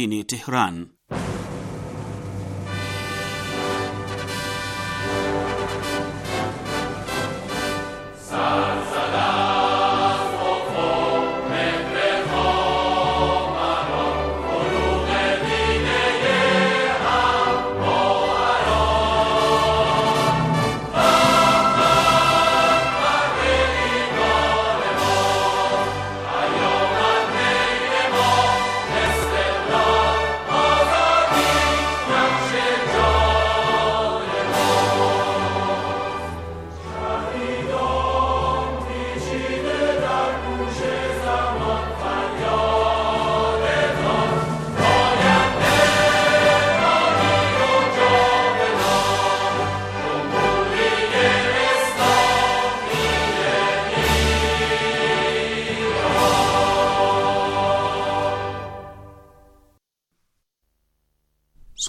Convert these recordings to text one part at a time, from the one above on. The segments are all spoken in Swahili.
Mjini Tehran.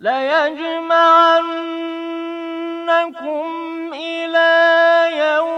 ليجمعنكم إلى يوم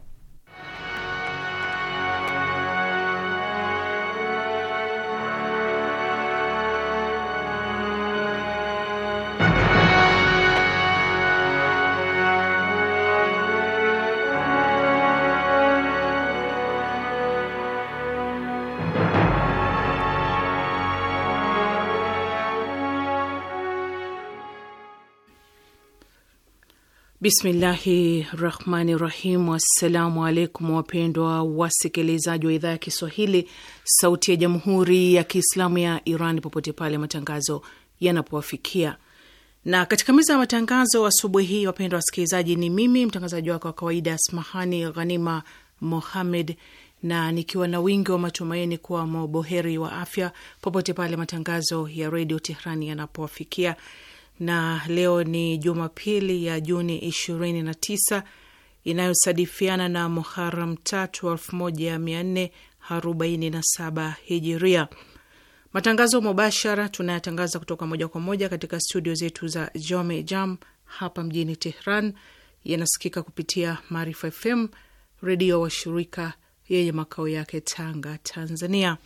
Bismillahi rahmani rahim. Wassalamu alaikum, wapendwa wasikilizaji wa idhaa ya Kiswahili sauti ya jamhuri ya Kiislamu ya Iran popote pale matangazo yanapowafikia. Na katika meza ya matangazo asubuhi hii, wapendwa wasikilizaji, ni mimi mtangazaji wako wa kawaida Smahani Ghanima Mohamed, na nikiwa na wingi wa matumaini kuwa maboheri wa afya popote pale matangazo ya redio Tehrani yanapowafikia na leo ni Jumapili ya Juni 29 inayosadifiana na Muharam tatu 1447 Hijiria. Matangazo mubashara tunayatangaza kutoka moja kwa moja katika studio zetu za Jome Jam hapa mjini Tehran, yanasikika kupitia Maarifa FM, redio washirika yenye makao yake Tanga, Tanzania.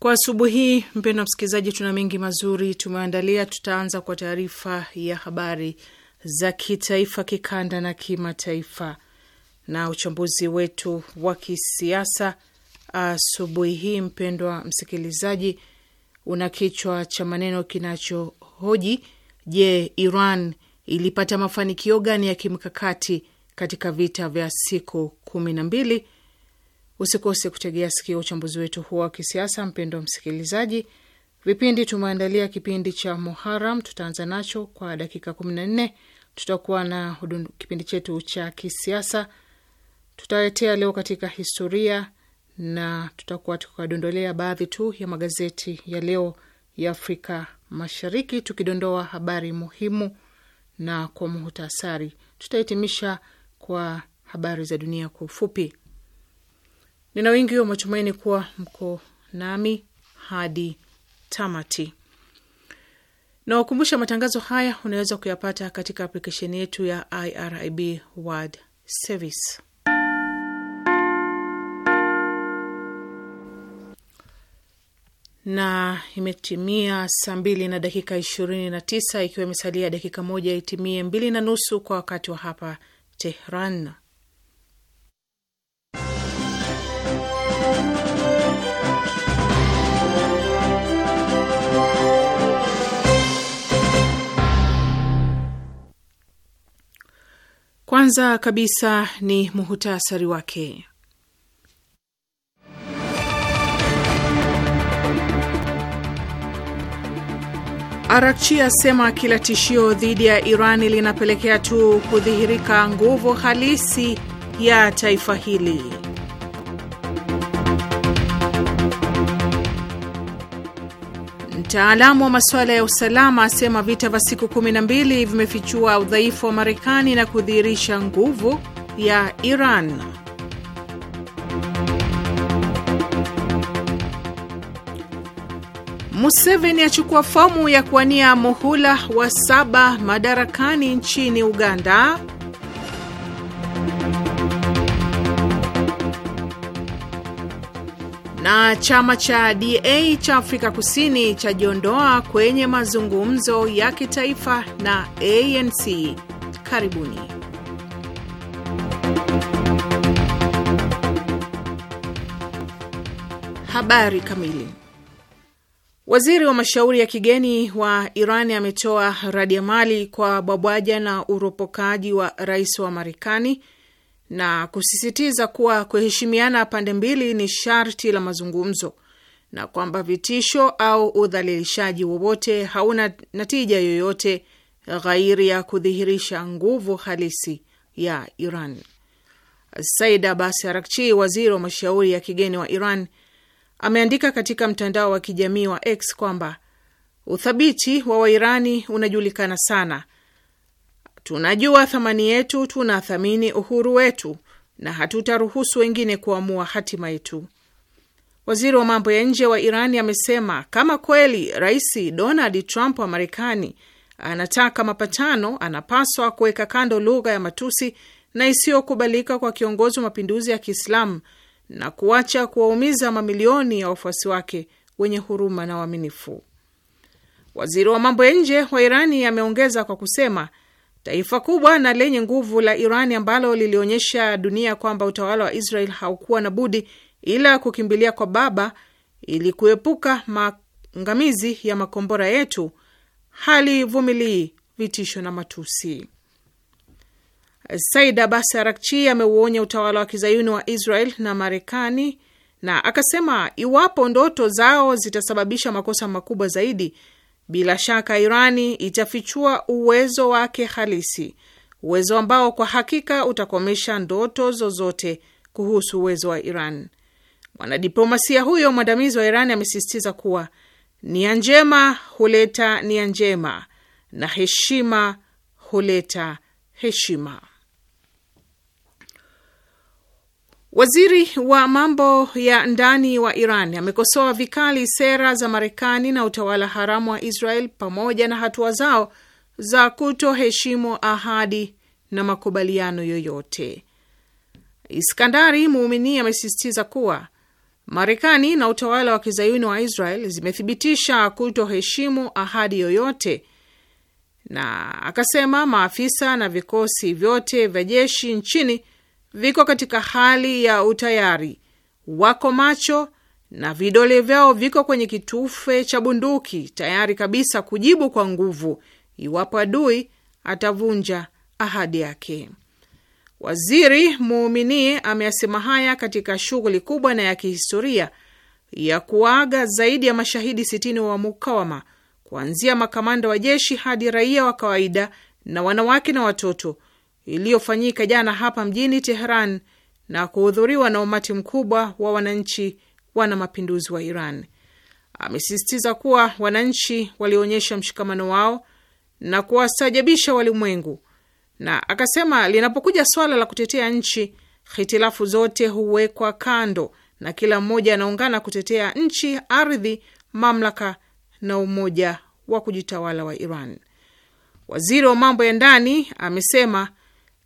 Kwa asubuhi hii, mpendwa msikilizaji, tuna mengi mazuri tumeandalia. Tutaanza kwa taarifa ya habari za kitaifa, kikanda na kimataifa na uchambuzi wetu wa kisiasa asubuhi hii, mpendwa msikilizaji, una kichwa cha maneno kinachohoji: Je, Iran ilipata mafanikio gani ya kimkakati katika vita vya siku kumi na mbili Usikose kutegea sikio uchambuzi wetu huo wa kisiasa, mpendo msikilizaji. Vipindi tumeandalia kipindi cha Muharam, tutaanza nacho kwa dakika kumi na nne. Tutakuwa na kipindi chetu cha kisiasa, tutaletea leo katika historia, na tutakuwa tukadondolea baadhi tu ya magazeti ya leo ya Afrika Mashariki, tukidondoa habari muhimu na kwa muhtasari. Tutahitimisha kwa habari za dunia kwa ufupi. Nina wingi wa matumaini kuwa mko nami hadi tamati. Nawakumbusha matangazo haya unaweza kuyapata katika aplikesheni yetu ya IRIB World Service. Na imetimia saa mbili na dakika ishirini na tisa ikiwa imesalia dakika moja itimie mbili na nusu kwa wakati wa hapa Tehran. Kwanza kabisa ni muhutasari wake. Arakchi asema kila tishio dhidi ya Irani linapelekea tu kudhihirika nguvu halisi ya taifa hili. Mtaalamu wa masuala ya usalama asema vita vya siku 12 vimefichua udhaifu wa Marekani na kudhihirisha nguvu ya Iran. Museveni achukua fomu ya kuwania muhula wa saba madarakani nchini Uganda. na chama cha DA cha Afrika Kusini chajiondoa kwenye mazungumzo ya kitaifa na ANC. Karibuni. Habari kamili. Waziri wa mashauri ya kigeni wa Irani ametoa radiamali kwa bwabwaja na uropokaji wa rais wa Marekani na kusisitiza kuwa kuheshimiana pande mbili ni sharti la mazungumzo na kwamba vitisho au udhalilishaji wowote hauna natija yoyote ghairi ya kudhihirisha nguvu halisi ya Iran. Said Abbas Arakchi, waziri wa mashauri ya kigeni wa Iran, ameandika katika mtandao wa kijamii wa X kwamba uthabiti wa Wairani unajulikana sana Tunajua thamani yetu, tunathamini uhuru wetu na hatutaruhusu wengine kuamua hatima yetu. Waziri wa mambo ya nje wa Irani amesema kama kweli Rais Donald Trump wa Marekani anataka mapatano, anapaswa kuweka kando lugha ya matusi na isiyokubalika kwa kiongozi wa mapinduzi ya Kiislamu na kuacha kuwaumiza mamilioni ya wafuasi wake wenye huruma na waaminifu. Waziri wa mambo ya nje wa Irani ameongeza kwa kusema Taifa kubwa na lenye nguvu la Iran ambalo lilionyesha dunia kwamba utawala wa Israel haukuwa na budi ila kukimbilia kwa baba ili kuepuka maangamizi ya makombora yetu halivumilii vitisho na matusi. Said Abbas Arakchi ameuonya utawala wa kizayuni wa Israel na Marekani na akasema iwapo ndoto zao zitasababisha makosa makubwa zaidi bila shaka Irani itafichua uwezo wake halisi, uwezo ambao kwa hakika utakomesha ndoto zozote kuhusu uwezo wa Iran. Mwanadiplomasia huyo mwandamizi wa Iran amesisitiza kuwa nia njema huleta nia njema na heshima huleta heshima. Waziri wa mambo ya ndani wa Iran amekosoa vikali sera za Marekani na utawala haramu wa Israel pamoja na hatua zao za kutoheshimu ahadi na makubaliano yoyote. Iskandari Muumini amesisitiza kuwa Marekani na utawala wa kizayuni wa Israel zimethibitisha kutoheshimu ahadi yoyote, na akasema maafisa na vikosi vyote vya jeshi nchini viko katika hali ya utayari, wako macho na vidole vyao viko kwenye kitufe cha bunduki tayari kabisa kujibu kwa nguvu iwapo adui atavunja ahadi yake. Waziri Muumini ameyasema haya katika shughuli kubwa na ya kihistoria ya kuaga zaidi ya mashahidi sitini wa mukawama kuanzia makamanda wa jeshi hadi raia wa kawaida na wanawake na watoto iliyofanyika jana hapa mjini Tehran na kuhudhuriwa na umati mkubwa wa wananchi wana mapinduzi wa Iran. Amesisitiza kuwa wananchi walionyesha mshikamano wao na kuwastajabisha walimwengu, na akasema linapokuja swala la kutetea nchi, hitilafu zote huwekwa kando na kila mmoja anaungana kutetea nchi, ardhi, mamlaka na umoja wa kujitawala wa Iran. Waziri wa mambo ya ndani amesema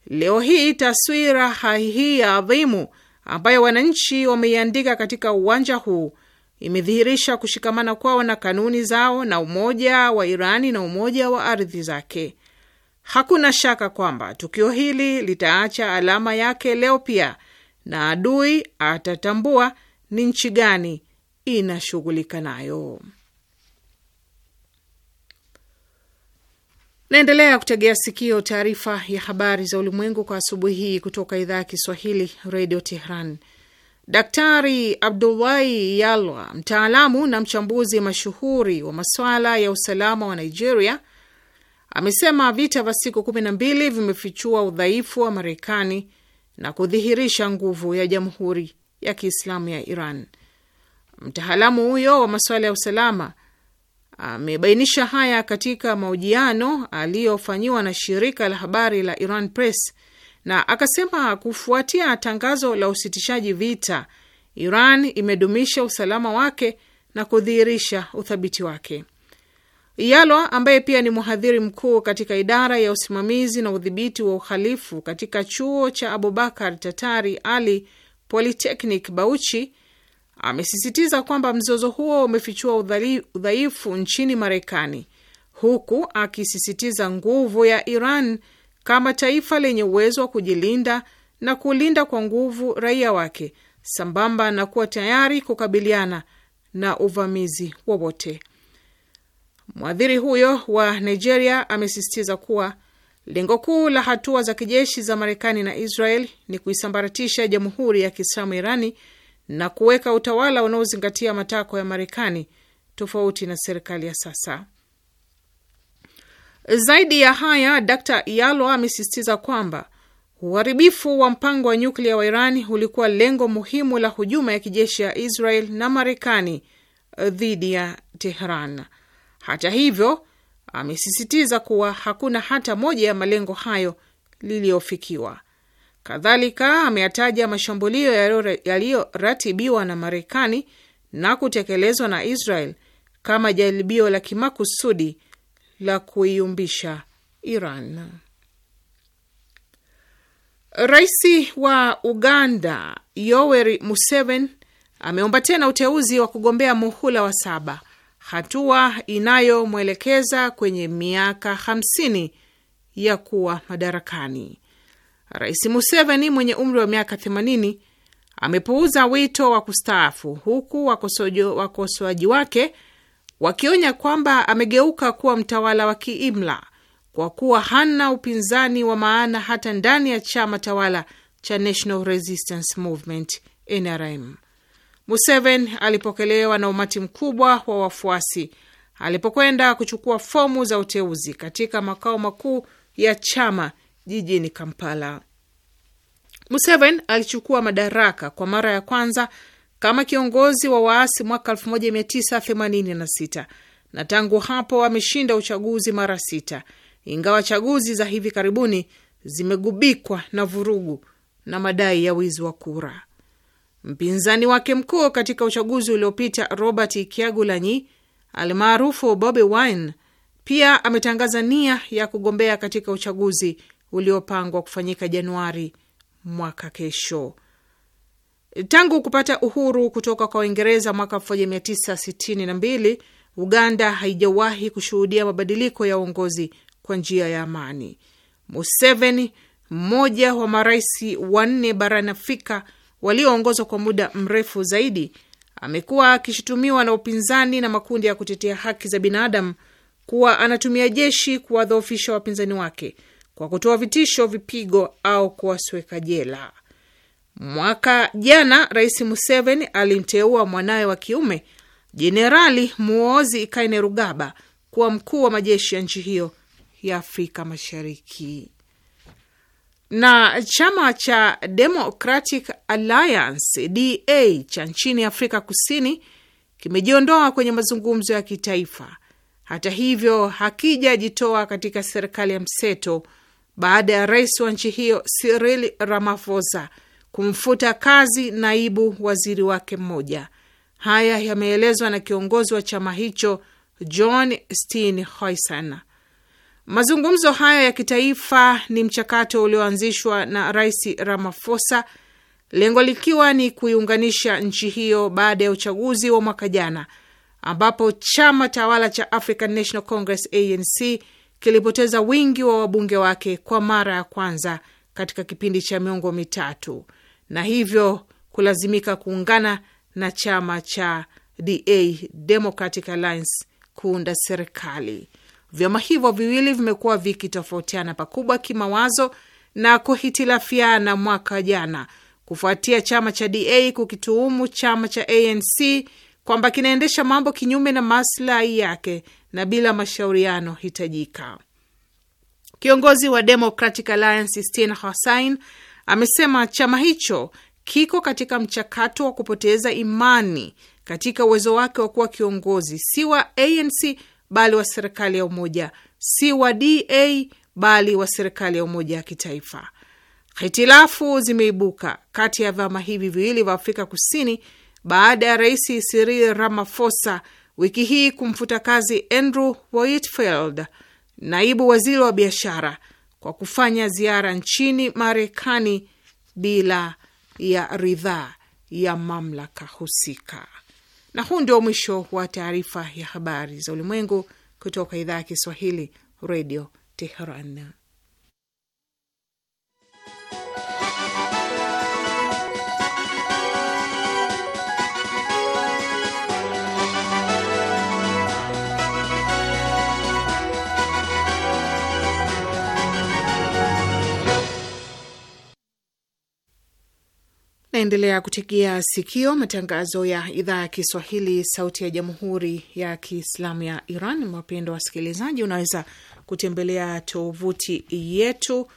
Leo hii taswira hii adhimu ambayo wananchi wameiandika katika uwanja huu imedhihirisha kushikamana kwao na kanuni zao na umoja wa Irani na umoja wa ardhi zake. Hakuna shaka kwamba tukio hili litaacha alama yake leo pia, na adui atatambua ni nchi gani inashughulika nayo. Naendelea kutegea sikio taarifa ya habari za ulimwengu kwa asubuhi hii kutoka idhaa ya Kiswahili redio Tehran. Daktari Abdullahi Yalwa, mtaalamu na mchambuzi mashuhuri wa masuala ya usalama wa Nigeria, amesema vita vya siku kumi na mbili vimefichua udhaifu wa Marekani na kudhihirisha nguvu ya Jamhuri ya Kiislamu ya Iran. Mtaalamu huyo wa masuala ya usalama amebainisha haya katika mahojiano aliyofanyiwa na shirika la habari la Iran Press, na akasema kufuatia tangazo la usitishaji vita, Iran imedumisha usalama wake na kudhihirisha uthabiti wake. Yalwa ambaye pia ni mhadhiri mkuu katika idara ya usimamizi na udhibiti wa uhalifu katika chuo cha Abubakar Tatari Ali Polytechnic Bauchi amesisitiza kwamba mzozo huo umefichua udhaifu nchini Marekani, huku akisisitiza nguvu ya Iran kama taifa lenye uwezo wa kujilinda na kulinda kwa nguvu raia wake sambamba na kuwa tayari kukabiliana na uvamizi wowote. Mwadhiri huyo wa Nigeria amesisitiza kuwa lengo kuu la hatua za kijeshi za Marekani na Israel ni kuisambaratisha Jamhuri ya Kiislamu Irani na kuweka utawala unaozingatia matakwa ya Marekani tofauti na serikali ya sasa. Zaidi ya haya, Dr Yalo amesisitiza kwamba uharibifu wa mpango wa nyuklia wa Iran ulikuwa lengo muhimu la hujuma ya kijeshi ya Israel na Marekani eh, dhidi ya Tehran. Hata hivyo, amesisitiza kuwa hakuna hata moja ya malengo hayo liliyofikiwa. Kadhalika ameyataja mashambulio yaliyoratibiwa na Marekani na kutekelezwa na Israel kama jaribio la kimakusudi la kuiumbisha Iran. Rais wa Uganda Yoweri Museveni ameomba tena uteuzi wa kugombea muhula wa saba, hatua inayomwelekeza kwenye miaka hamsini ya kuwa madarakani. Rais Museveni mwenye umri wa miaka 80 amepuuza wito wa kustaafu, huku wakosoaji wake wakionya kwamba amegeuka kuwa mtawala wa kiimla kwa kuwa hana upinzani wa maana hata ndani ya chama tawala cha National Resistance Movement NRM. Museveni alipokelewa na umati mkubwa wa wafuasi alipokwenda kuchukua fomu za uteuzi katika makao makuu ya chama jijini Kampala. Museveni alichukua madaraka kwa mara ya kwanza kama kiongozi wa waasi mwaka 1986 na tangu hapo ameshinda uchaguzi mara sita, ingawa chaguzi za hivi karibuni zimegubikwa na vurugu na madai ya wizi wa kura. Mpinzani wake mkuu katika uchaguzi uliopita Robert Kyagulanyi almaarufu Bobi Wine pia ametangaza nia ya kugombea katika uchaguzi uliopangwa kufanyika Januari mwaka kesho. Tangu kupata uhuru kutoka kwa Uingereza mwaka 1962 Uganda haijawahi kushuhudia mabadiliko ya uongozi kwa njia ya amani. Museveni, mmoja wa marais wanne barani Afrika walioongozwa kwa muda mrefu zaidi, amekuwa akishutumiwa na upinzani na makundi ya kutetea haki za binadamu kuwa anatumia jeshi kuwadhoofisha wapinzani wake kwa kutoa vitisho, vipigo au kuwasweka jela. Mwaka jana Rais Museveni alimteua mwanawe wa kiume Jenerali Muozi Kainerugaba kuwa mkuu wa majeshi ya nchi hiyo ya Afrika Mashariki. Na chama cha Democratic Alliance DA cha nchini Afrika Kusini kimejiondoa kwenye mazungumzo ya kitaifa. Hata hivyo, hakijajitoa katika serikali ya mseto baada ya rais wa nchi hiyo Cyril Ramaphosa kumfuta kazi naibu waziri wake mmoja. Haya yameelezwa na kiongozi wa chama hicho John Steenhuisen. Mazungumzo hayo ya kitaifa ni mchakato ulioanzishwa na rais Ramaphosa, lengo likiwa ni kuiunganisha nchi hiyo baada ya uchaguzi wa mwaka jana ambapo chama tawala cha African National Congress ANC kilipoteza wingi wa wabunge wake kwa mara ya kwanza katika kipindi cha miongo mitatu na hivyo kulazimika kuungana na chama cha DA, Democratic Alliance, kuunda serikali. Vyama hivyo viwili vimekuwa vikitofautiana pakubwa kimawazo na kuhitilafiana mwaka jana kufuatia chama cha DA kukituhumu chama cha ANC kwamba kinaendesha mambo kinyume na maslahi yake na bila mashauriano hitajika. Kiongozi wa Democratic Alliance Stine Hossain amesema chama hicho kiko katika mchakato wa kupoteza imani katika uwezo wake wa kuwa kiongozi si wa ANC bali wa serikali ya umoja, si wa DA bali wa serikali ya umoja ya kitaifa. Hitilafu zimeibuka kati ya vyama hivi viwili vya Afrika Kusini baada ya Rais Cyril Ramaphosa wiki hii kumfuta kazi Andrew Whitfield, naibu waziri wa biashara, kwa kufanya ziara nchini Marekani bila ya ridhaa ya mamlaka husika. Na huu ndio mwisho wa taarifa ya habari za ulimwengu kutoka idhaa ya Kiswahili, Redio Teheran. naendelea kutegea sikio matangazo ya idhaa ya Kiswahili, sauti ya jamhuri ya kiislamu ya Iran. Mapendo wasikilizaji, unaweza kutembelea tovuti yetu,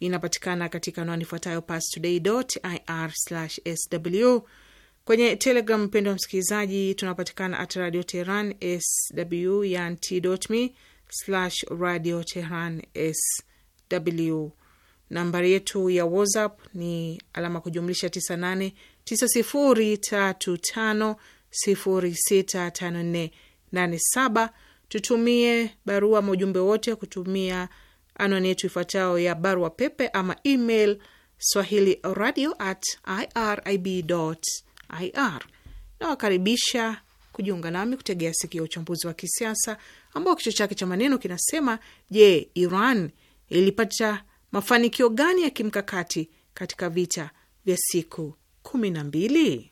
inapatikana katika anwani ifuatayo pastoday.ir/sw. Kwenye Telegram, mpendo wa msikilizaji, tunapatikana at radio tehran sw, yani t.me radio tehran sw Nambari yetu ya WhatsApp ni alama kujumlisha 989035065487. Tutumie barua maujumbe wote kutumia anwani yetu ifuatayo ya barua pepe ama email swahili radio at irib ir. Nawakaribisha kujiunga nami kutegea siku ya uchambuzi wa kisiasa ambao kichwa chake cha maneno kinasema: Je, Iran ilipata mafanikio gani ya kimkakati katika vita vya siku kumi na mbili?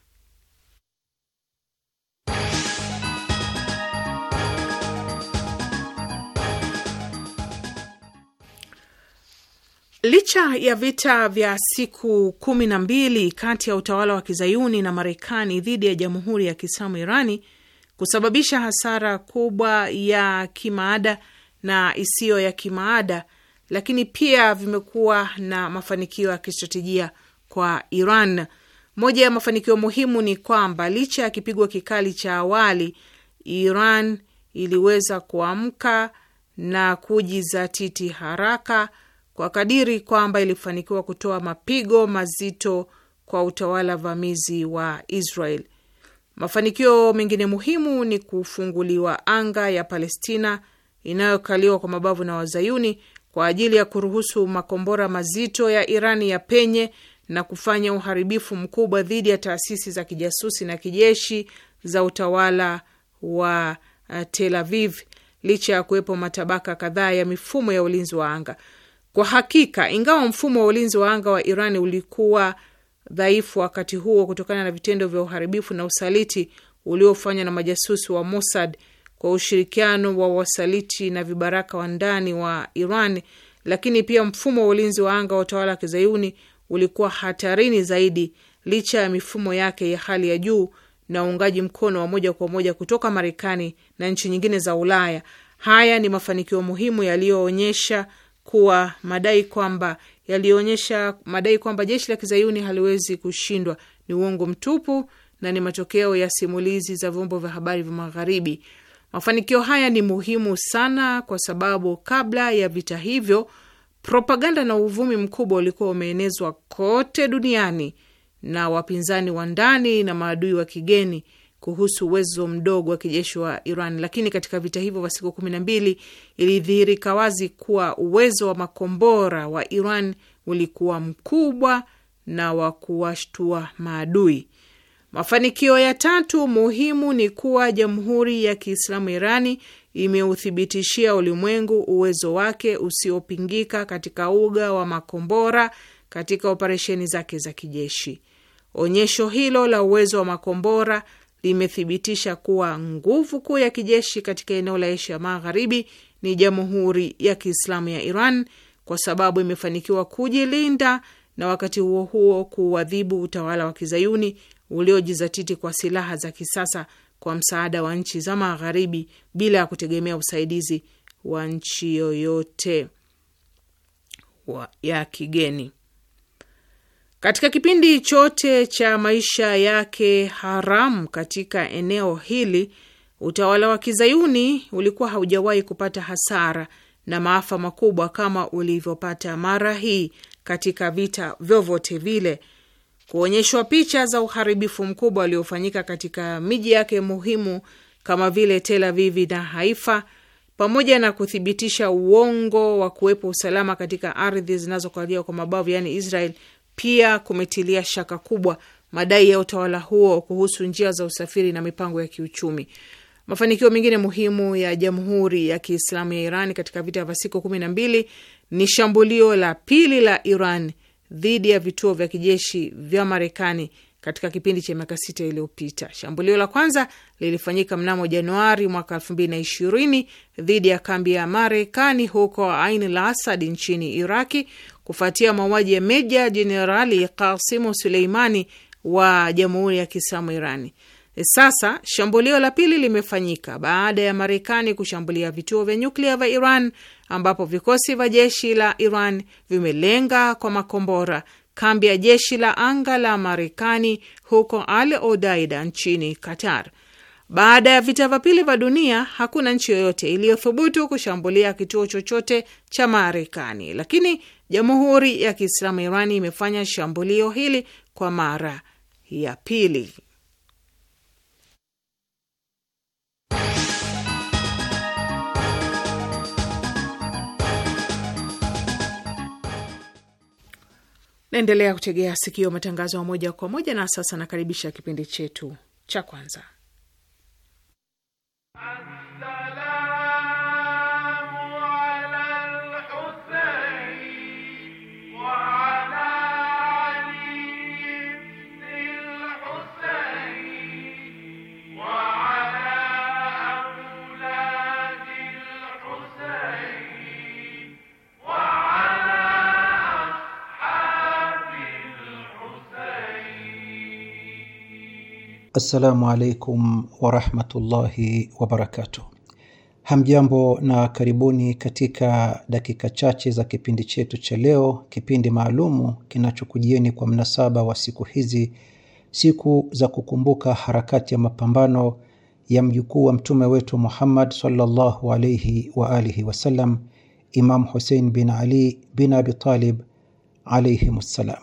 Licha ya vita vya siku kumi na mbili kati ya utawala wa kizayuni na Marekani dhidi ya jamhuri ya kiislamu Irani kusababisha hasara kubwa ya kimaada na isiyo ya kimaada lakini pia vimekuwa na mafanikio ya kistratejia kwa Iran. Moja ya mafanikio muhimu ni kwamba licha ya kipigo kikali cha awali, Iran iliweza kuamka na kujizatiti haraka kwa kadiri kwamba ilifanikiwa kutoa mapigo mazito kwa utawala vamizi wa Israel. Mafanikio mengine muhimu ni kufunguliwa anga ya Palestina inayokaliwa kwa mabavu na Wazayuni kwa ajili ya kuruhusu makombora mazito ya Irani penye na kufanya uharibifu mkubwa dhidi ya taasisi za kijasusi na kijeshi za utawala wa eh, Tel Aviv, licha ya kuwepo matabaka kadhaa ya mifumo ya ulinzi wa anga. Kwa hakika, ingawa mfumo wa ulinzi wa anga wa Iran ulikuwa dhaifu wakati huo kutokana na vitendo vya uharibifu na usaliti uliofanywa na majasusi wa Mossad kwa ushirikiano wa wasaliti na vibaraka wa ndani wa Iran, lakini pia mfumo wa ulinzi wa anga wa utawala wa kizayuni ulikuwa hatarini zaidi licha ya mifumo yake ya hali ya juu na uungaji mkono wa moja kwa moja kutoka Marekani na nchi nyingine za Ulaya. Haya ni mafanikio muhimu yaliyoonyesha kuwa madai kwamba yaliyoonyesha madai kwamba jeshi la kizayuni haliwezi kushindwa ni uongo mtupu na ni matokeo ya simulizi za vyombo vya habari vya Magharibi Mafanikio haya ni muhimu sana kwa sababu kabla ya vita hivyo propaganda na uvumi mkubwa ulikuwa umeenezwa kote duniani na wapinzani wa ndani na maadui wa kigeni kuhusu uwezo mdogo wa kijeshi wa Iran. Lakini katika vita hivyo vya siku kumi na mbili ilidhihirika wazi kuwa uwezo wa makombora wa Iran ulikuwa mkubwa na wa kuwashtua maadui. Mafanikio ya tatu muhimu ni kuwa Jamhuri ya Kiislamu Irani imeuthibitishia ulimwengu uwezo wake usiopingika katika uga wa makombora katika operesheni zake za kijeshi. Onyesho hilo la uwezo wa makombora limethibitisha kuwa nguvu kuu ya kijeshi katika eneo la Asia Magharibi ni Jamhuri ya Kiislamu ya Iran kwa sababu imefanikiwa kujilinda na wakati huo huo kuuadhibu utawala wa kizayuni uliojizatiti kwa silaha za kisasa kwa msaada wa nchi za Magharibi bila ya kutegemea usaidizi wa nchi yoyote ya kigeni. Katika kipindi chote cha maisha yake haramu katika eneo hili, utawala wa kizayuni ulikuwa haujawahi kupata hasara na maafa makubwa kama ulivyopata mara hii katika vita vyovyote vile kuonyeshwa picha za uharibifu mkubwa uliofanyika katika miji yake muhimu kama vile Tel aviv na Haifa, pamoja na kuthibitisha uongo wa kuwepo usalama katika ardhi zinazokaliwa kwa mabavu, yaani Israel, pia kumetilia shaka kubwa madai ya utawala huo kuhusu njia za usafiri na mipango ya kiuchumi. Mafanikio mengine muhimu ya Jamhuri ya Kiislamu ya Iran katika vita vya siku kumi na mbili ni shambulio la pili la Iran dhidi ya vituo vya kijeshi vya Marekani katika kipindi cha miaka sita iliyopita. Shambulio la kwanza lilifanyika mnamo Januari mwaka elfu mbili na ishirini dhidi ya kambi ya Marekani huko Ain la Asad nchini Iraki, kufuatia mauaji ya meja jenerali Kasimu Suleimani wa Jamhuri ya Kiislamu Irani. E, sasa shambulio la pili limefanyika baada ya Marekani kushambulia vituo vya nyuklia vya Iran, ambapo vikosi vya jeshi la Iran vimelenga kwa makombora kambi ya jeshi la anga la Marekani huko Al Odaida nchini Qatar. Baada ya vita vya pili vya dunia, hakuna nchi yoyote iliyothubutu kushambulia kituo chochote cha Marekani, lakini Jamhuri ya Kiislamu Irani imefanya shambulio hili kwa mara ya pili. Naendelea kutegea sikio matangazo ya moja kwa moja, na sasa nakaribisha kipindi chetu cha kwanza. Assalamu alaikum warahmatullahi wabarakatuh. Hamjambo na karibuni katika dakika chache za kipindi chetu cha leo, kipindi maalumu kinachokujieni kwa mnasaba wa siku hizi, siku za kukumbuka harakati ya mapambano ya mjukuu wa mtume wetu Muhammad sallallahu alaihi wa alihi wasallam, Imam Husein bin Ali bin Abi Talib alaihimssalam.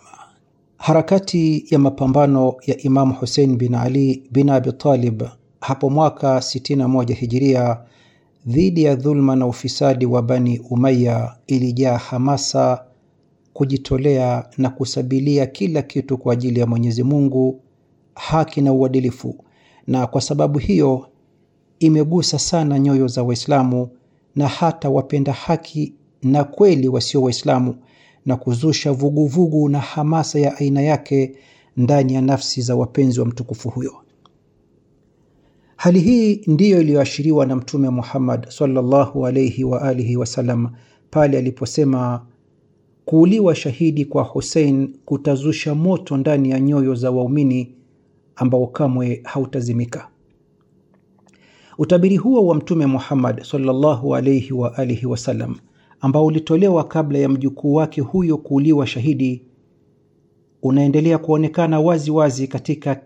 Harakati ya mapambano ya Imamu Husein bin Ali bin Abi Talib hapo mwaka 61 hijiria dhidi ya dhulma na ufisadi wa Bani Umaya ilijaa hamasa, kujitolea na kusabilia kila kitu kwa ajili ya Mwenyezi Mungu, haki na uadilifu, na kwa sababu hiyo imegusa sana nyoyo za Waislamu na hata wapenda haki na kweli wasio Waislamu na kuzusha vuguvugu vugu na hamasa ya aina yake ndani ya nafsi za wapenzi wa mtukufu huyo. Hali hii ndiyo iliyoashiriwa na Mtume Muhammad sallallahu alayhi wa alihi wasallam pale aliposema kuuliwa shahidi kwa Hussein kutazusha moto ndani ya nyoyo za waumini ambao kamwe hautazimika. Utabiri huo wa Mtume Muhammad sallallahu alayhi wa alihi wasallam ambao ulitolewa kabla ya mjukuu wake huyo kuuliwa shahidi unaendelea kuonekana wazi wazi katika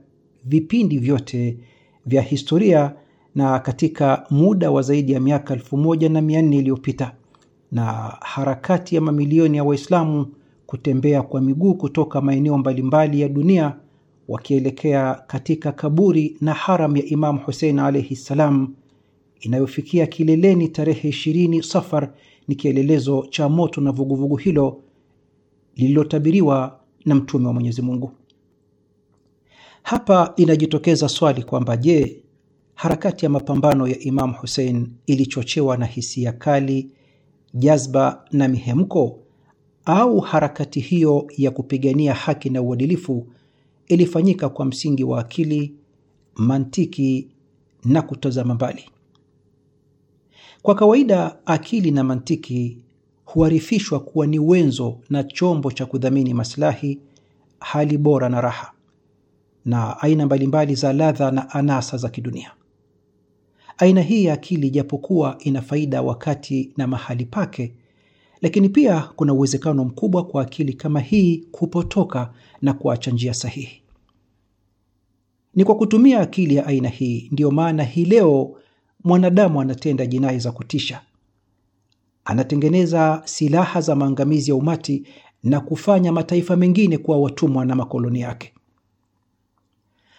vipindi vyote vya historia na katika muda wa zaidi ya miaka elfu moja na mia nne iliyopita na harakati ya mamilioni ya Waislamu kutembea kwa miguu kutoka maeneo mbalimbali ya dunia wakielekea katika kaburi na haram ya Imamu Husein alaihi ssalam, inayofikia kileleni tarehe 20 Safar ni kielelezo cha moto na vuguvugu hilo lililotabiriwa na mtume wa Mwenyezi Mungu. Hapa inajitokeza swali kwamba je, harakati ya mapambano ya Imamu Hussein ilichochewa na hisia kali, jazba na mihemko, au harakati hiyo ya kupigania haki na uadilifu ilifanyika kwa msingi wa akili, mantiki na kutazama mbali? Kwa kawaida akili na mantiki huarifishwa kuwa ni wenzo na chombo cha kudhamini maslahi, hali bora na raha, na aina mbalimbali za ladha na anasa za kidunia. Aina hii ya akili, japokuwa ina faida wakati na mahali pake, lakini pia kuna uwezekano mkubwa kwa akili kama hii kupotoka na kuacha njia sahihi. Ni kwa kutumia akili ya aina hii ndiyo maana hii leo mwanadamu anatenda jinai za kutisha. Anatengeneza silaha za maangamizi ya umati na kufanya mataifa mengine kuwa watumwa na makoloni yake.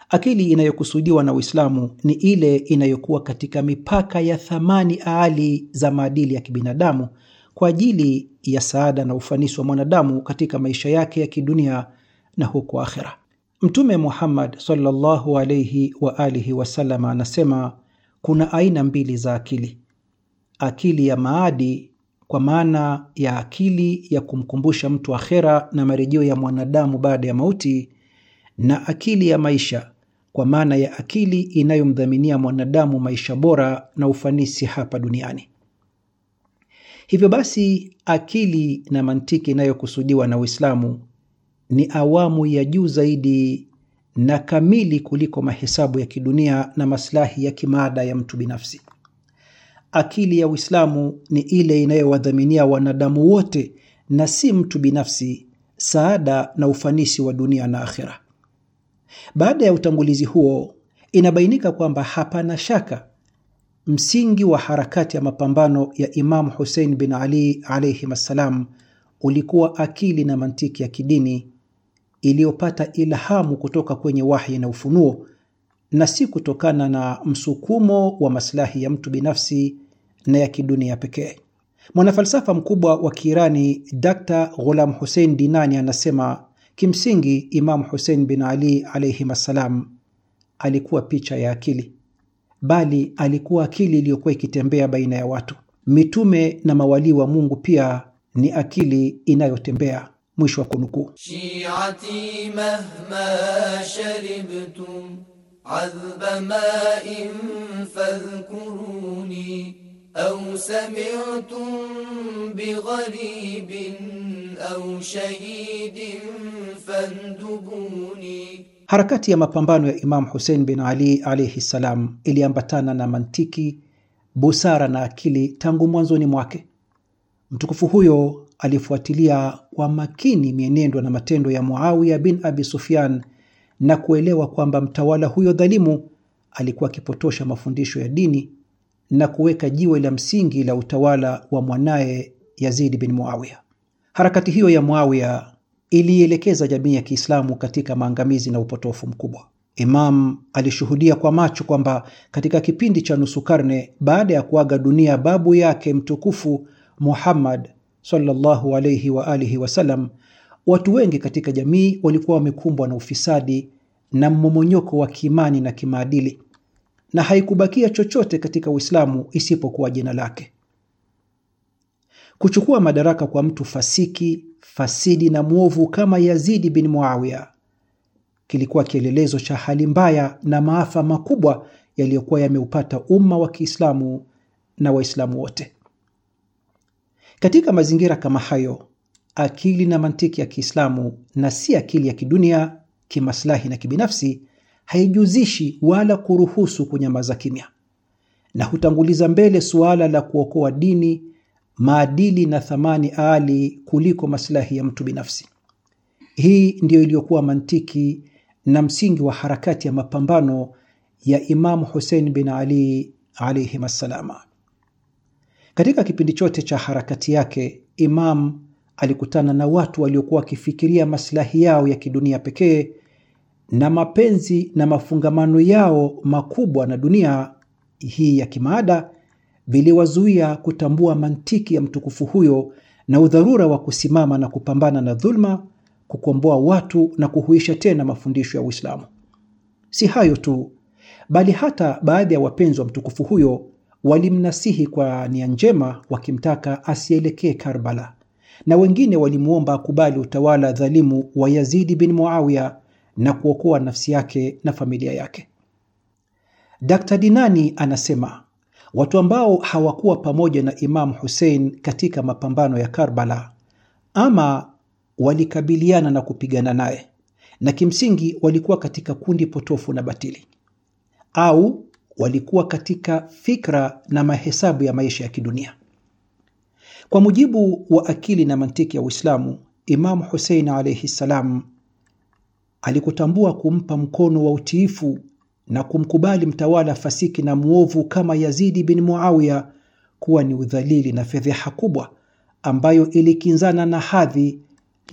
Akili inayokusudiwa na Uislamu ni ile inayokuwa katika mipaka ya thamani aali za maadili ya kibinadamu kwa ajili ya saada na ufanisi wa mwanadamu katika maisha yake ya kidunia na huko akhera. Mtume Muhammad sallallahu alaihi wa alihi wasallam anasema kuna aina mbili za akili: akili ya maadi kwa maana ya akili ya kumkumbusha mtu akhera na marejeo ya mwanadamu baada ya mauti, na akili ya maisha kwa maana ya akili inayomdhaminia mwanadamu maisha bora na ufanisi hapa duniani. Hivyo basi, akili na mantiki inayokusudiwa na Uislamu ni awamu ya juu zaidi na kamili kuliko mahesabu ya kidunia na maslahi ya kimaada ya mtu binafsi. Akili ya Uislamu ni ile inayowadhaminia wanadamu wote na si mtu binafsi saada na ufanisi wa dunia na akhira. Baada ya utangulizi huo, inabainika kwamba hapana shaka msingi wa harakati ya mapambano ya Imamu Husein bin Ali alayhim assalam ulikuwa akili na mantiki ya kidini iliyopata ilhamu kutoka kwenye wahi na ufunuo na si kutokana na msukumo wa maslahi ya mtu binafsi na ya kidunia pekee. Mwanafalsafa mkubwa wa Kiirani Dr. Ghulam Hussein Dinani anasema kimsingi Imamu Hussein bin Ali alayhim assalam alikuwa picha ya akili, bali alikuwa akili iliyokuwa ikitembea baina ya watu. Mitume na mawalii wa Mungu pia ni akili inayotembea. Mwisho wa kunukuu. Harakati ya mapambano ya Imam husein bin Ali alaihi salam iliambatana na mantiki, busara na akili tangu mwanzoni mwake. Mtukufu huyo alifuatilia kwa makini mienendo na matendo ya Muawiya bin Abi Sufyan na kuelewa kwamba mtawala huyo dhalimu alikuwa akipotosha mafundisho ya dini na kuweka jiwe la msingi la utawala wa mwanaye Yazid bin Muawiya. Harakati hiyo ya Muawiya ilielekeza jamii ya Kiislamu katika maangamizi na upotofu mkubwa. Imam alishuhudia kwa macho kwamba katika kipindi cha nusu karne baada ya kuaga dunia babu yake mtukufu Muhammad sallallahu alayhi wa alihi wasallam, watu wengi katika jamii walikuwa wamekumbwa na ufisadi na mmomonyoko wa kiimani na kimaadili, na haikubakia chochote katika Uislamu isipokuwa jina lake. Kuchukua madaraka kwa mtu fasiki, fasidi na mwovu kama Yazidi bin Muawiya kilikuwa kielelezo cha hali mbaya na maafa makubwa yaliyokuwa yameupata umma wa Kiislamu na Waislamu wote. Katika mazingira kama hayo, akili na mantiki ya Kiislamu na si akili ya kidunia, kimaslahi na kibinafsi haijuzishi wala kuruhusu kunyamaza kimya, na hutanguliza mbele suala la kuokoa dini, maadili na thamani aali kuliko maslahi ya mtu binafsi. Hii ndiyo iliyokuwa mantiki na msingi wa harakati ya mapambano ya Imamu Husein bin Ali alayhim assalama. Katika kipindi chote cha harakati yake, Imam alikutana na watu waliokuwa wakifikiria masilahi yao ya kidunia pekee na mapenzi na mafungamano yao makubwa na dunia hii ya kimaada viliwazuia kutambua mantiki ya mtukufu huyo na udharura wa kusimama na kupambana na dhulma, kukomboa watu na kuhuisha tena mafundisho ya Uislamu. Si hayo tu, bali hata baadhi ya wapenzi wa mtukufu huyo walimnasihi kwa nia njema, wakimtaka asielekee Karbala, na wengine walimwomba akubali utawala dhalimu wa Yazidi bin Muawiya na kuokoa nafsi yake na familia yake. Dr. Dinani anasema watu ambao hawakuwa pamoja na Imamu Husein katika mapambano ya Karbala ama walikabiliana na kupigana naye na kimsingi walikuwa katika kundi potofu na batili, au walikuwa katika fikra na mahesabu ya maisha ya kidunia. Kwa mujibu wa akili na mantiki ya Uislamu, Imamu Husein alaihi ssalam alikutambua kumpa mkono wa utiifu na kumkubali mtawala fasiki na mwovu kama Yazidi bin Muawiya kuwa ni udhalili na fedheha kubwa ambayo ilikinzana na hadhi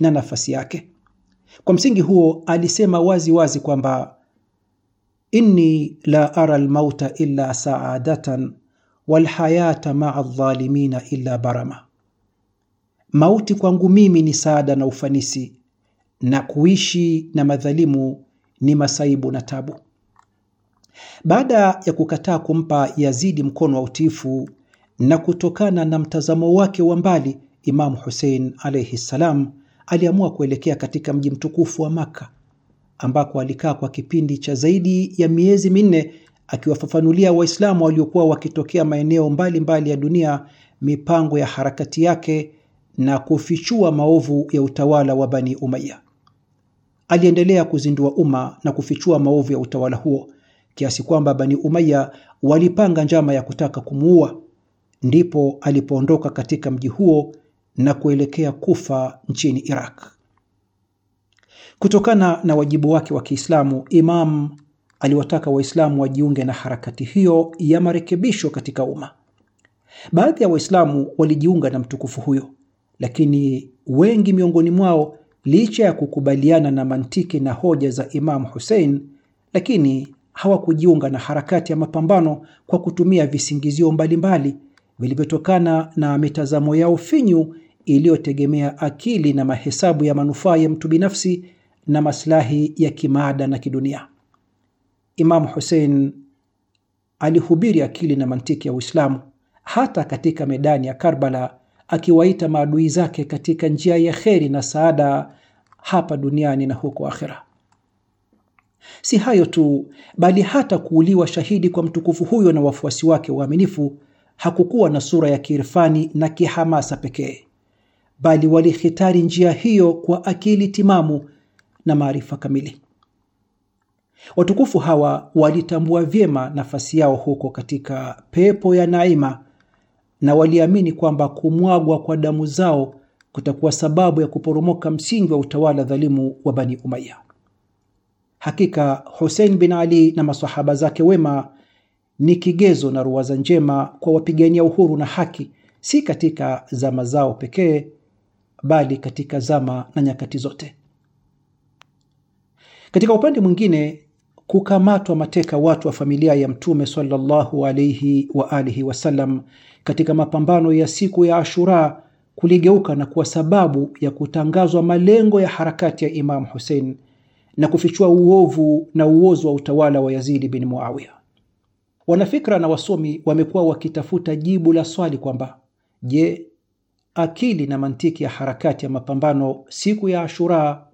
na nafasi yake. Kwa msingi huo, alisema wazi wazi kwamba inni la ara almauta illa saadatan walhayata maa ldhalimina illa barama, mauti kwangu mimi ni saada na ufanisi, na kuishi na madhalimu ni masaibu na tabu. Baada ya kukataa kumpa Yazidi mkono wa utiifu na kutokana na mtazamo wake wa mbali, Imamu Husein alaihi ssalam aliamua kuelekea katika mji mtukufu wa Makka ambako alikaa kwa kipindi cha zaidi ya miezi minne akiwafafanulia Waislamu waliokuwa wakitokea maeneo mbalimbali ya dunia mipango ya harakati yake na kufichua maovu ya utawala wa Bani umaya Aliendelea kuzindua umma na kufichua maovu ya utawala huo kiasi kwamba Bani umaya walipanga njama ya kutaka kumuua. Ndipo alipoondoka katika mji huo na kuelekea Kufa nchini Iraq. Kutokana na wajibu wake wa Kiislamu, Imam aliwataka Waislamu wajiunge na harakati hiyo ya marekebisho katika umma. Baadhi ya Waislamu walijiunga na mtukufu huyo, lakini wengi miongoni mwao, licha ya kukubaliana na mantiki na hoja za Imam Hussein, lakini hawakujiunga na harakati ya mapambano kwa kutumia visingizio mbalimbali vilivyotokana na mitazamo yao finyu iliyotegemea akili na mahesabu ya manufaa ya mtu binafsi na maslahi ya kimaada na kidunia. Imamu Hussein alihubiri akili na mantiki ya Uislamu hata katika medani ya Karbala, akiwaita maadui zake katika njia ya kheri na saada hapa duniani na huko akhira. Si hayo tu, bali hata kuuliwa shahidi kwa mtukufu huyo na wafuasi wake waaminifu hakukuwa na sura ya kiirfani na kihamasa pekee, bali walihitari njia hiyo kwa akili timamu na maarifa kamili. Watukufu hawa walitambua vyema nafasi yao huko katika pepo ya naima na waliamini kwamba kumwagwa kwa damu zao kutakuwa sababu ya kuporomoka msingi wa utawala dhalimu wa Bani Umaya. Hakika husein bin Ali na masahaba zake wema ni kigezo na ruwaza njema kwa wapigania uhuru na haki, si katika zama zao pekee, bali katika zama na nyakati zote. Katika upande mwingine, kukamatwa mateka watu wa familia ya Mtume sallallahu alaihi wa alihi wasallam katika mapambano ya siku ya Ashura kuligeuka na kuwa sababu ya kutangazwa malengo ya harakati ya Imam Hussein na kufichua uovu na uozo wa utawala wa Yazidi bin Muawiya. Wanafikra na wasomi wamekuwa wakitafuta jibu la swali kwamba je, akili na mantiki ya harakati ya mapambano siku ya Ashura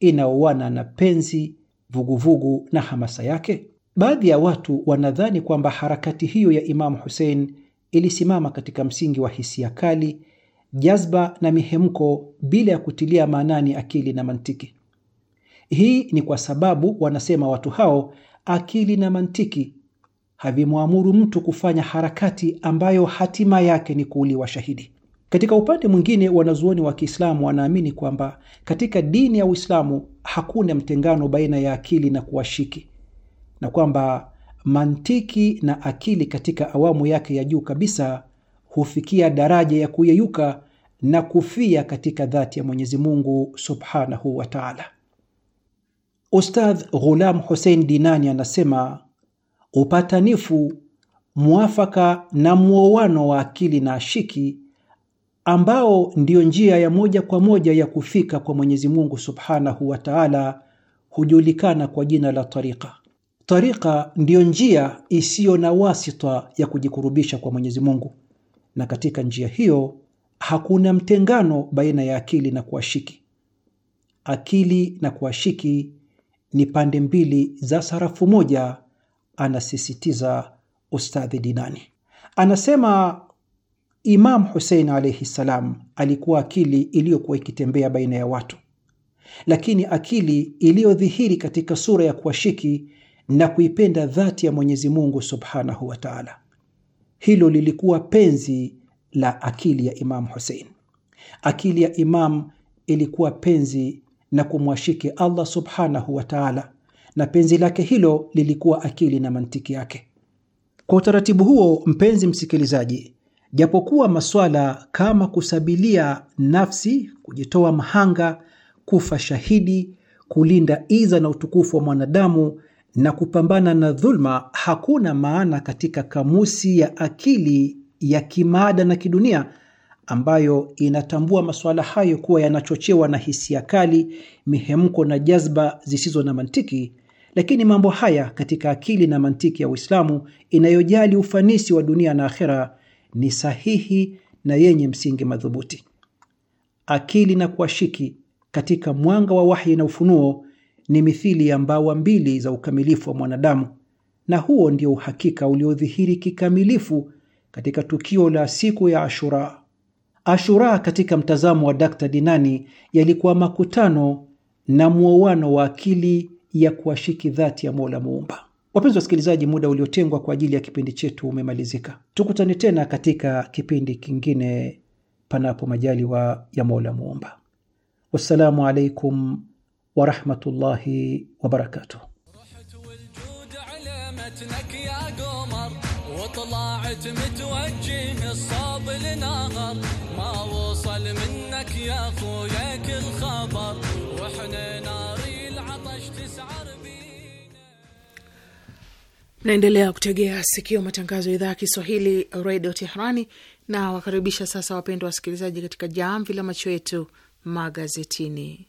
inaoana na penzi, vuguvugu vugu na hamasa yake? Baadhi ya watu wanadhani kwamba harakati hiyo ya Imamu Husein ilisimama katika msingi wa hisia kali, jazba na mihemko, bila ya kutilia maanani akili na mantiki. Hii ni kwa sababu wanasema watu hao akili na mantiki havimwamuru mtu kufanya harakati ambayo hatima yake ni kuuliwa shahidi. Katika upande mwingine, wanazuoni wa Kiislamu wanaamini kwamba katika dini ya Uislamu hakuna mtengano baina ya akili na kuwashiki, na kwamba mantiki na akili katika awamu yake ya juu kabisa hufikia daraja ya kuyeyuka na kufia katika dhati ya Mwenyezi Mungu Subhanahu wa Ta'ala. Ustadh Ghulam Hussein Dinani anasema upatanifu, mwafaka na muowano wa akili na ashiki ambao ndiyo njia ya moja kwa moja ya kufika kwa Mwenyezi Mungu Subhanahu wa Ta'ala hujulikana kwa jina la tariqa. Tariqa ndiyo njia isiyo na wasita ya kujikurubisha kwa Mwenyezi Mungu, na katika njia hiyo hakuna mtengano baina ya akili na kuashiki. Akili na kuashiki ni pande mbili za sarafu moja, anasisitiza Ustadhi Dinani. Anasema Imam Husein alaihi ssalam alikuwa akili iliyokuwa ikitembea baina ya watu, lakini akili iliyodhihiri katika sura ya kuwashiki na kuipenda dhati ya Mwenyezi Mungu subhanahu wa taala. Hilo lilikuwa penzi la akili ya Imam Husein. Akili ya Imam ilikuwa penzi na kumwashiki Allah subhanahu wa taala, na penzi lake hilo lilikuwa akili na mantiki yake. Kwa utaratibu huo, mpenzi msikilizaji Japokuwa masuala kama kusabilia nafsi, kujitoa mhanga, kufa shahidi, kulinda iza na utukufu wa mwanadamu na kupambana na dhulma hakuna maana katika kamusi ya akili ya kimaada na kidunia ambayo inatambua masuala hayo kuwa yanachochewa na hisia kali, mihemko na jazba zisizo na mantiki. Lakini mambo haya katika akili na mantiki ya Uislamu inayojali ufanisi wa dunia na akhera ni sahihi na yenye msingi madhubuti. Akili na kuashiki katika mwanga wa wahyi na ufunuo ni mithili ya mbawa mbili za ukamilifu wa mwanadamu, na huo ndio uhakika uliodhihiri kikamilifu katika tukio la siku ya Ashura. Ashura katika mtazamo wa Dr. Dinani yalikuwa makutano na muoano wa akili ya kuashiki dhati ya Mola Muumba. Wapenzi wasikilizaji, muda uliotengwa kwa ajili ya kipindi chetu umemalizika. Tukutane tena katika kipindi kingine, panapo majaliwa ya Mola Muumba. Wassalamu alaikum warahmatullahi wabarakatuh. Naendelea kutegea sikio matangazo ya idhaa ya Kiswahili redio Teherani na wakaribisha sasa, wapendwa wasikilizaji, katika jamvi la macho yetu magazetini.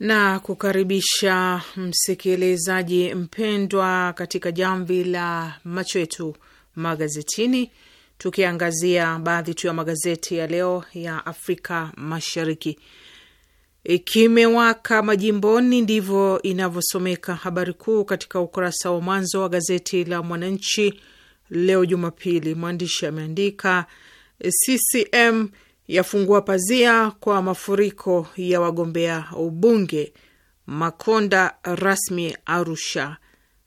na kukaribisha msikilizaji mpendwa katika jamvi la macho yetu magazetini tukiangazia baadhi tu ya magazeti ya leo ya Afrika Mashariki. E, kimewaka majimboni, ndivyo inavyosomeka habari kuu katika ukurasa wa mwanzo wa gazeti la Mwananchi leo Jumapili. Mwandishi ameandika CCM yafungua pazia kwa mafuriko ya wagombea ubunge, Makonda rasmi Arusha,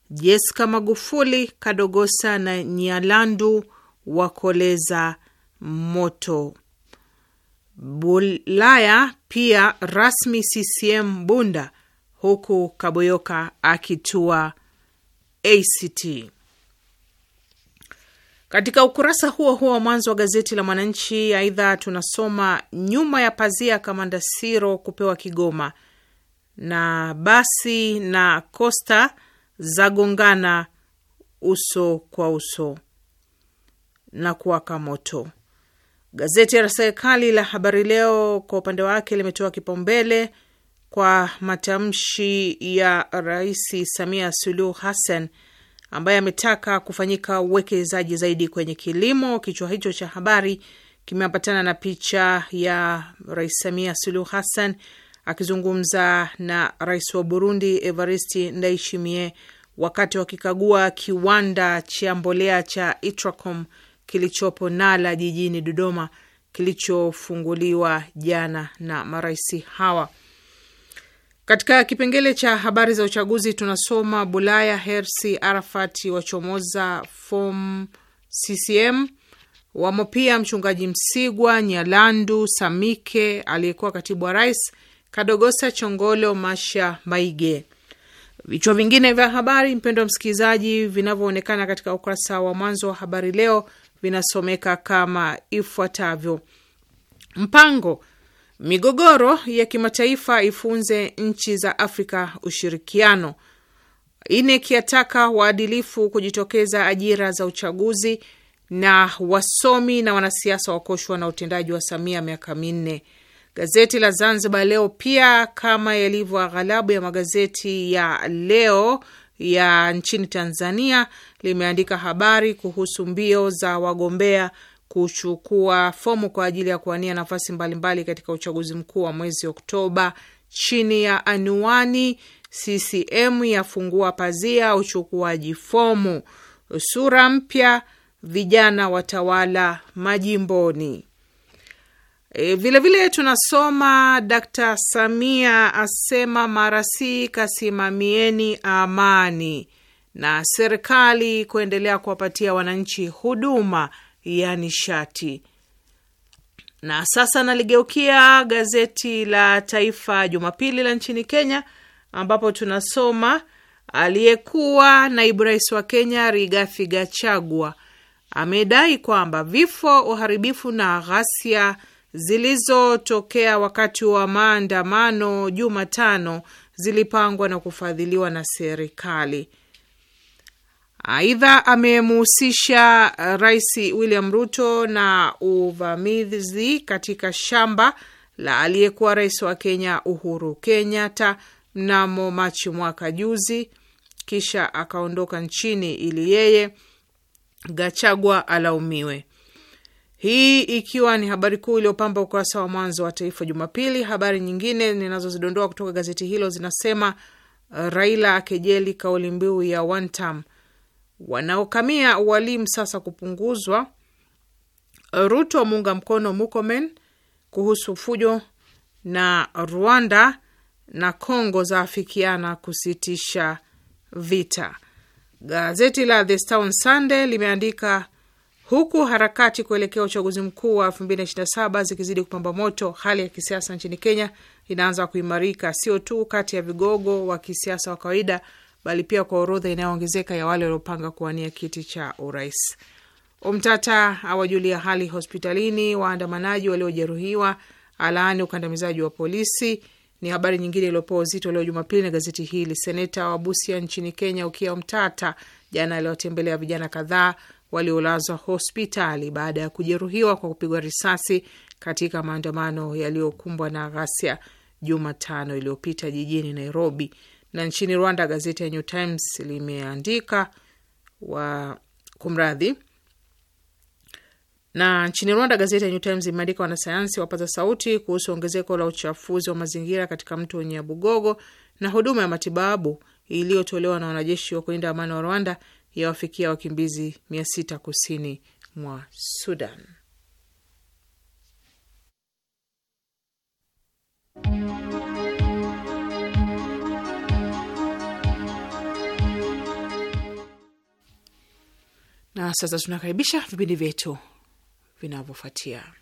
Jeska Magufuli, Kadogosa na Nyalandu wakoleza moto. Bulaya pia rasmi CCM Bunda, huku Kaboyoka akitua ACT. Katika ukurasa huo huo wa mwanzo wa gazeti la Mwananchi, aidha tunasoma nyuma ya pazia, kamanda Siro kupewa Kigoma na basi na Costa zagongana uso kwa uso na kuwaka moto. Gazeti la serikali la Habari Leo kwa upande wake limetoa kipaumbele kwa matamshi ya Rais Samia Suluhu Hassan ambaye ametaka kufanyika uwekezaji zaidi kwenye kilimo. Kichwa hicho cha habari kimeambatana na picha ya Rais Samia Suluhu Hassan akizungumza na rais wa Burundi evaristi Ndayishimiye wakati wakikagua kiwanda cha mbolea cha Itracom kilichopo Nala jijini Dodoma kilichofunguliwa jana na marais hawa. Katika kipengele cha habari za uchaguzi tunasoma Bulaya, Hersi Arafat wachomoza fomu CCM, wamo pia mchungaji Msigwa, Nyalandu, Samike aliyekuwa katibu wa rais, Kadogosa, Chongolo, Masha, Maige. Vichwa vingine vya habari, mpendwa msikilizaji, vinavyoonekana katika ukurasa wa mwanzo wa habari leo vinasomeka kama ifuatavyo: mpango migogoro ya kimataifa ifunze nchi za Afrika ushirikiano. INEC yataka waadilifu kujitokeza ajira za uchaguzi, na wasomi na wanasiasa wakoshwa na utendaji wa Samia miaka minne. Gazeti la Zanzibar Leo pia kama yalivyo aghalabu ya magazeti ya leo ya nchini Tanzania limeandika habari kuhusu mbio za wagombea kuchukua fomu kwa ajili ya kuwania nafasi mbalimbali katika uchaguzi mkuu wa mwezi Oktoba chini ya anuani CCM yafungua pazia uchukuaji fomu, sura mpya, vijana watawala majimboni. Vilevile vile tunasoma Dr. Samia asema marasi kasimamieni amani na serikali kuendelea kuwapatia wananchi huduma ya nishati. Na sasa naligeukia gazeti la Taifa Jumapili la nchini Kenya, ambapo tunasoma aliyekuwa naibu rais wa Kenya Rigathi Gachagua amedai kwamba vifo, uharibifu na ghasia zilizotokea wakati wa maandamano Jumatano zilipangwa na kufadhiliwa na serikali. Aidha, amemhusisha uh, Rais William Ruto na uvamizi katika shamba la aliyekuwa rais wa Kenya Uhuru Kenyatta mnamo Machi mwaka juzi, kisha akaondoka nchini ili yeye Gachagua alaumiwe. Hii ikiwa ni habari kuu iliyopamba ukurasa wa mwanzo wa Taifa Jumapili. Habari nyingine ninazozidondoa kutoka gazeti hilo zinasema uh, Raila akejeli kauli mbiu ya one term, wanaokamia walimu sasa kupunguzwa, uh, Ruto muunga mkono Mukomen kuhusu fujo na Rwanda na Kongo zaafikiana kusitisha vita. Gazeti la The Sunday limeandika huku harakati kuelekea uchaguzi mkuu wa 2027 zikizidi kupamba moto, hali ya kisiasa nchini Kenya inaanza kuimarika, sio tu kati ya vigogo wa kisiasa wa kawaida, bali pia kwa orodha inayoongezeka ya wale waliopanga kuwania kiti cha urais. Umtata awajulia hali hospitalini waandamanaji waliojeruhiwa, alaani ukandamizaji wa polisi, ni habari nyingine iliyopewa uzito leo Jumapili na gazeti hili. Seneta wa Busia nchini Kenya, Ukia Mtata, jana aliwatembelea vijana kadhaa waliolazwa hospitali baada ya kujeruhiwa kwa kupigwa risasi katika maandamano yaliyokumbwa na ghasia Jumatano iliyopita jijini Nairobi. Na nchini Rwanda, gazeti ya New Times limeandika wa kumradhi na nchini Rwanda gazeti ya New Times imeandika wanasayansi wapaza sauti kuhusu ongezeko la uchafuzi wa mazingira katika mto wenye abugogo na huduma ya matibabu iliyotolewa na wanajeshi wa kulinda amani wa Rwanda yawafikia wakimbizi mia sita kusini mwa Sudan. Na sasa tunakaribisha vipindi vyetu vinavyofuatia.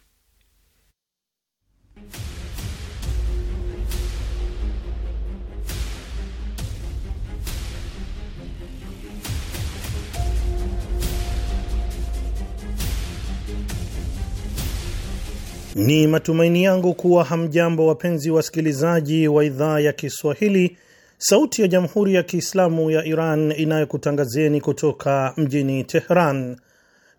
Ni matumaini yangu kuwa hamjambo, wapenzi wasikilizaji wa idhaa ya Kiswahili, sauti ya jamhuri ya Kiislamu ya Iran inayokutangazieni kutoka mjini Teheran,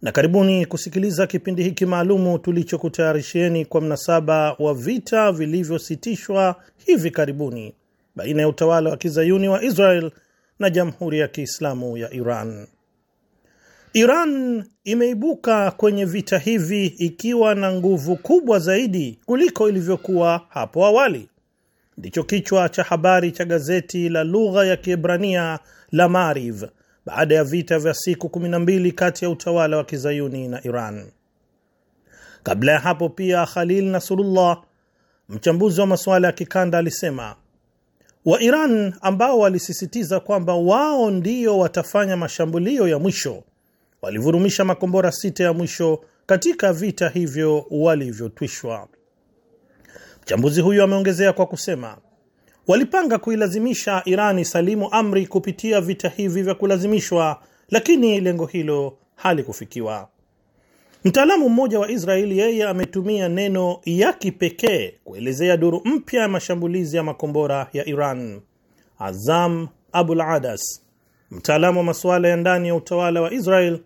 na karibuni kusikiliza kipindi hiki maalumu tulichokutayarishieni kwa mnasaba wa vita vilivyositishwa hivi karibuni baina ya utawala wa kizayuni wa Israel na jamhuri ya Kiislamu ya Iran. Iran imeibuka kwenye vita hivi ikiwa na nguvu kubwa zaidi kuliko ilivyokuwa hapo awali, ndicho kichwa cha habari cha gazeti la lugha ya Kiebrania la Maariv baada ya vita vya siku 12 kati ya utawala wa kizayuni na Iran. Kabla ya hapo pia, Khalil Nasrullah, mchambuzi wa masuala ya kikanda, alisema wa Iran ambao walisisitiza kwamba wao ndio watafanya mashambulio ya mwisho walivurumisha makombora sita ya mwisho katika vita hivyo walivyotwishwa. Mchambuzi huyo ameongezea kwa kusema walipanga kuilazimisha Irani salimu amri kupitia vita hivi vya kulazimishwa, lakini lengo hilo halikufikiwa. Mtaalamu mmoja wa Israeli yeye ametumia neno ya kipekee kuelezea duru mpya ya mashambulizi ya makombora ya Iran. Azam Abul Adas, mtaalamu wa masuala ya ndani ya utawala wa Israel,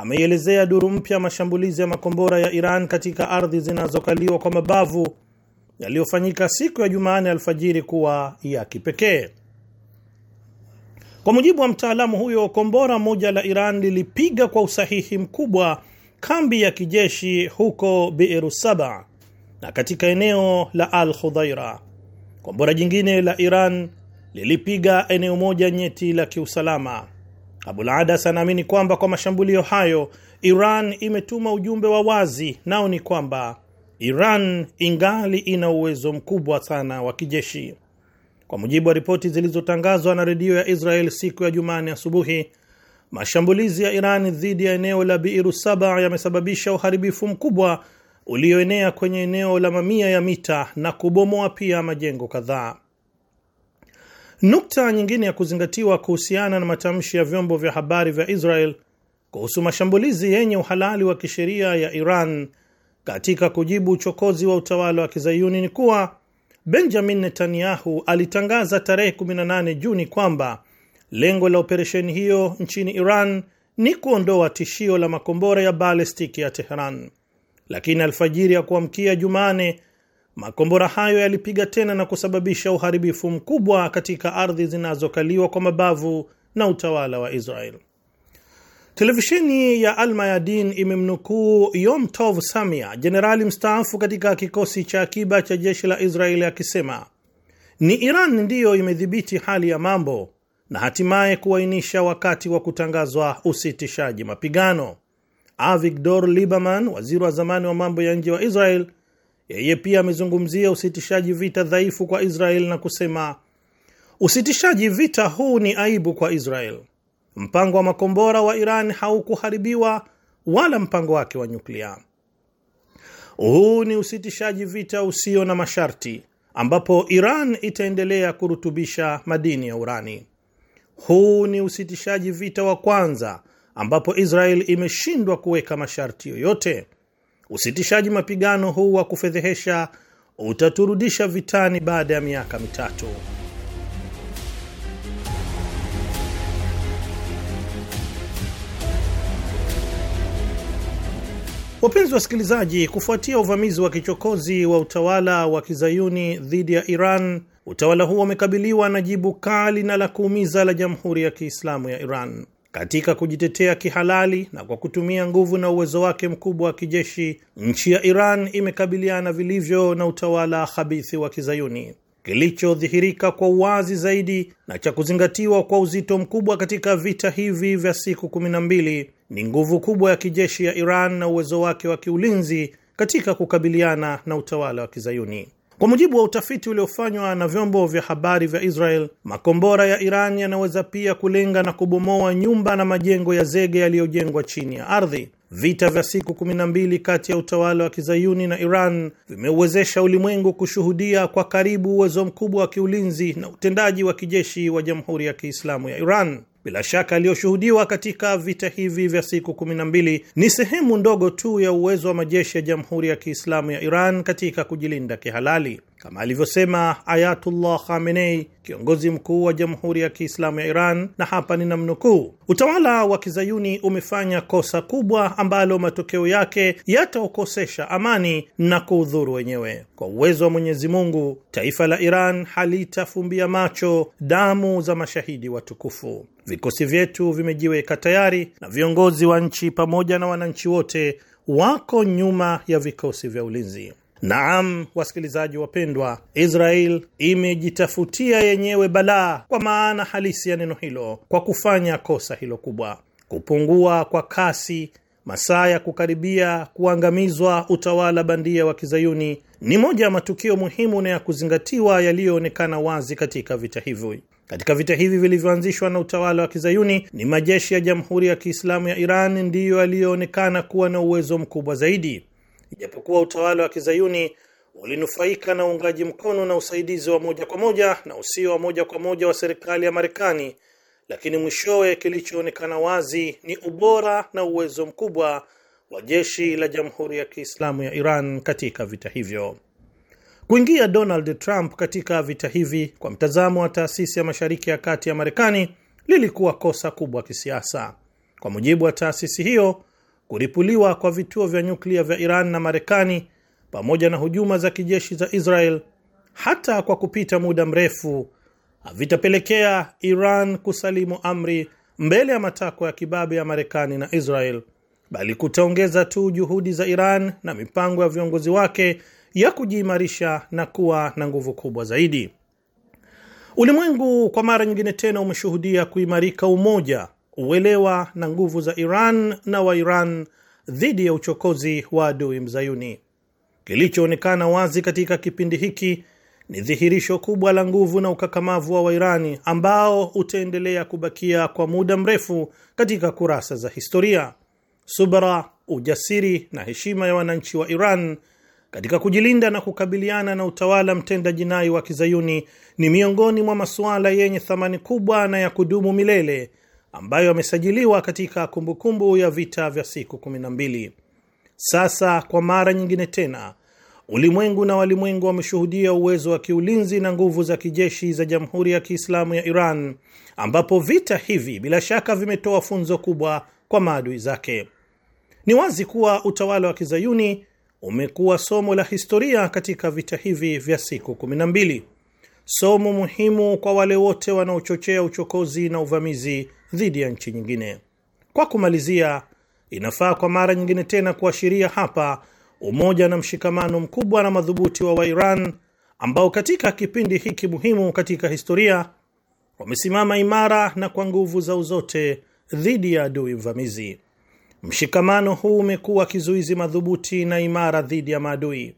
ameielezea duru mpya mashambulizi ya makombora ya Iran katika ardhi zinazokaliwa kwa mabavu yaliyofanyika siku ya Jumanne alfajiri kuwa ya kipekee. Kwa mujibu wa mtaalamu huyo, kombora moja la Iran lilipiga kwa usahihi mkubwa kambi ya kijeshi huko Biru Saba na katika eneo la Al Khudhaira. Kombora jingine la Iran lilipiga eneo moja nyeti la kiusalama. Abul Adas anaamini kwamba kwa mashambulio hayo Iran imetuma ujumbe wa wazi, nao ni kwamba Iran ingali ina uwezo mkubwa sana wa kijeshi. Kwa mujibu wa ripoti zilizotangazwa na redio ya Israel siku ya Jumani asubuhi, mashambulizi ya Iran dhidi ya eneo la Biiru Saba yamesababisha uharibifu mkubwa ulioenea kwenye eneo la mamia ya mita na kubomoa pia majengo kadhaa. Nukta nyingine ya kuzingatiwa kuhusiana na matamshi ya vyombo vya habari vya Israel kuhusu mashambulizi yenye uhalali wa kisheria ya Iran katika kujibu uchokozi wa utawala wa kizayuni ni kuwa Benjamin Netanyahu alitangaza tarehe 18 Juni kwamba lengo la operesheni hiyo nchini Iran ni kuondoa tishio la makombora ya balestiki ya Teheran, lakini alfajiri ya kuamkia Jumane Makombora hayo yalipiga tena na kusababisha uharibifu mkubwa katika ardhi zinazokaliwa kwa mabavu na utawala wa Israel. Televisheni ya Almayadin imemnukuu Yom Tov Samia, jenerali mstaafu katika kikosi cha akiba cha jeshi la Israeli, akisema ni Iran ndiyo imedhibiti hali ya mambo na hatimaye kuainisha wakati wa kutangazwa usitishaji mapigano. Avigdor liberman waziri wa zamani wa mambo ya nje wa Israel, yeye pia amezungumzia usitishaji vita dhaifu kwa Israel na kusema usitishaji vita huu ni aibu kwa Israel. Mpango wa makombora wa Iran haukuharibiwa wala mpango wake wa nyuklia. Huu ni usitishaji vita usio na masharti ambapo Iran itaendelea kurutubisha madini ya urani. Huu ni usitishaji vita wa kwanza ambapo Israel imeshindwa kuweka masharti yoyote Usitishaji mapigano huu wa kufedhehesha utaturudisha vitani baada ya miaka mitatu. Wapenzi wasikilizaji, kufuatia uvamizi wa kichokozi wa utawala wa kizayuni dhidi ya Iran, utawala huo umekabiliwa na jibu kali na la kuumiza la Jamhuri ya Kiislamu ya Iran katika kujitetea kihalali na kwa kutumia nguvu na uwezo wake mkubwa wa kijeshi, nchi ya Iran imekabiliana vilivyo na utawala habithi wa Kizayuni. Kilichodhihirika kwa uwazi zaidi na cha kuzingatiwa kwa uzito mkubwa katika vita hivi vya siku mbili ni nguvu kubwa ya kijeshi ya Iran na uwezo wake wa kiulinzi katika kukabiliana na utawala wa Kizayuni. Kwa mujibu wa utafiti uliofanywa na vyombo vya habari vya Israel, makombora ya Iran yanaweza pia kulenga na kubomoa nyumba na majengo ya zege yaliyojengwa chini ya ardhi. Vita vya siku 12 kati ya utawala wa kizayuni na Iran vimeuwezesha ulimwengu kushuhudia kwa karibu uwezo mkubwa wa kiulinzi na utendaji wa kijeshi wa Jamhuri ya Kiislamu ya Iran. Bila shaka aliyoshuhudiwa katika vita hivi vya siku mbili ni sehemu ndogo tu ya uwezo wa majeshi ya Jamhuri ya Kiislamu ya Iran katika kujilinda kihalali, kama alivyosema Ayatullah Khamenei, kiongozi mkuu wa Jamhuri ya Kiislamu ya Iran, na hapa ni namnukuu utawala wa kizayuni umefanya kosa kubwa ambalo matokeo yake yataokosesha amani na kuudhuru wenyewe. Kwa uwezo wa Mwenyezi Mungu, taifa la Iran halitafumbia macho damu za mashahidi watukufu. Vikosi vyetu vimejiweka tayari na viongozi wa nchi pamoja na wananchi wote wako nyuma ya vikosi vya ulinzi. Naam, wasikilizaji wapendwa, Israel imejitafutia yenyewe balaa kwa maana halisi ya neno hilo kwa kufanya kosa hilo kubwa, kupungua kwa kasi masaa ya kukaribia kuangamizwa utawala bandia wa Kizayuni ni moja ya matukio muhimu na ya kuzingatiwa yaliyoonekana wazi katika vita hivi. Katika vita hivi vilivyoanzishwa na utawala wa kizayuni ni majeshi ya Jamhuri ya Kiislamu ya Iran ndiyo yaliyoonekana kuwa na uwezo mkubwa zaidi, ijapokuwa utawala wa kizayuni ulinufaika na uungaji mkono na usaidizi wa moja kwa moja na usio wa moja kwa moja wa serikali ya Marekani, lakini mwishowe kilichoonekana wazi ni ubora na uwezo mkubwa wa jeshi la Jamhuri ya Kiislamu ya Iran katika vita hivyo. Kuingia Donald Trump katika vita hivi, kwa mtazamo wa taasisi ya Mashariki ya Kati ya Marekani, lilikuwa kosa kubwa kisiasa. Kwa mujibu wa taasisi hiyo, kuripuliwa kwa vituo vya nyuklia vya Iran na Marekani pamoja na hujuma za kijeshi za Israel, hata kwa kupita muda mrefu, havitapelekea Iran kusalimu amri mbele ya matakwa ya kibabe ya Marekani na Israel, bali kutaongeza tu juhudi za Iran na mipango ya viongozi wake ya kujiimarisha na kuwa na nguvu kubwa zaidi. Ulimwengu kwa mara nyingine tena umeshuhudia kuimarika umoja, uelewa na nguvu za Iran na Wairan dhidi ya uchokozi wa adui mzayuni. Kilichoonekana wazi katika kipindi hiki ni dhihirisho kubwa la nguvu na ukakamavu wa Wairani ambao utaendelea kubakia kwa muda mrefu katika kurasa za historia. Subra, ujasiri na heshima ya wananchi wa Iran katika kujilinda na kukabiliana na utawala mtenda jinai wa kizayuni ni miongoni mwa masuala yenye thamani kubwa na ya kudumu milele ambayo yamesajiliwa katika kumbukumbu kumbu ya vita vya siku kumi na mbili Sasa kwa mara nyingine tena ulimwengu na walimwengu wameshuhudia uwezo wa kiulinzi na nguvu za kijeshi za Jamhuri ya Kiislamu ya Iran, ambapo vita hivi bila shaka vimetoa funzo kubwa kwa maadui zake. Ni wazi kuwa utawala wa kizayuni umekuwa somo la historia katika vita hivi vya siku 12, somo muhimu kwa wale wote wanaochochea uchokozi na uvamizi dhidi ya nchi nyingine. Kwa kumalizia, inafaa kwa mara nyingine tena kuashiria hapa umoja na mshikamano mkubwa na madhubuti wa Wairan ambao katika kipindi hiki muhimu katika historia wamesimama imara na kwa nguvu zao zote dhidi ya adui mvamizi. Mshikamano huu umekuwa kizuizi madhubuti na imara dhidi ya maadui,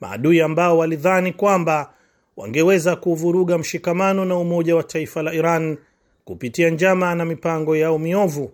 maadui ambao walidhani kwamba wangeweza kuvuruga mshikamano na umoja wa taifa la Iran kupitia njama na mipango yao miovu,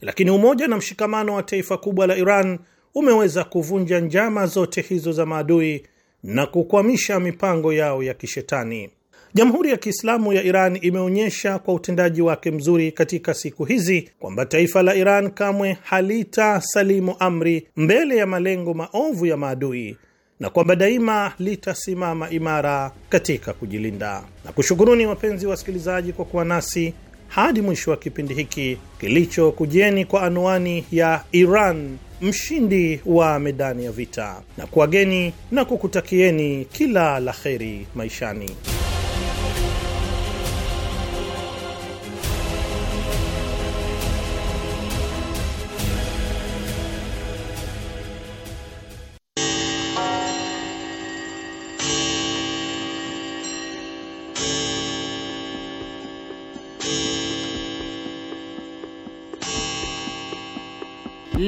lakini umoja na mshikamano wa taifa kubwa la Iran umeweza kuvunja njama zote hizo za maadui na kukwamisha mipango yao ya kishetani. Jamhuri ya Kiislamu ya Iran imeonyesha kwa utendaji wake mzuri katika siku hizi kwamba taifa la Iran kamwe halita salimu amri mbele ya malengo maovu ya maadui na kwamba daima litasimama imara katika kujilinda. Na kushukuruni wapenzi wasikilizaji kwa kuwa nasi hadi mwisho wa kipindi hiki kilichokujieni kwa anwani ya Iran mshindi wa medani ya vita, na kuwageni na kukutakieni kila la kheri maishani.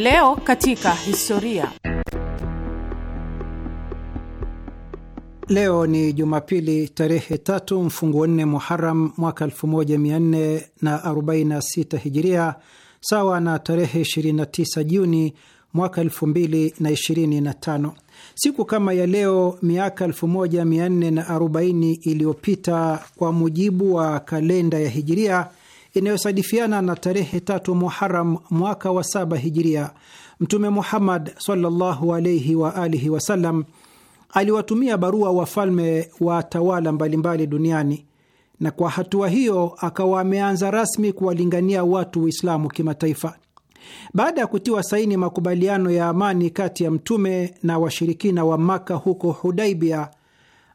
Leo katika historia. Leo ni Jumapili tarehe tatu mfunguo nne Muharam mwaka 1446 Hijiria, sawa na tarehe 29 Juni mwaka 2025. Siku kama ya leo miaka 1440 iliyopita, kwa mujibu wa kalenda ya Hijiria, inayosadifiana na tarehe tatu Muharam mwaka wa saba hijiria, Mtume Muhammad sallallahu alaihi wa alihi wasallam aliwatumia barua wafalme wa tawala mbalimbali duniani, na kwa hatua hiyo akawa ameanza rasmi kuwalingania watu Uislamu kimataifa. Baada ya kutiwa saini makubaliano ya amani kati ya mtume na washirikina wa Maka huko Hudaibia,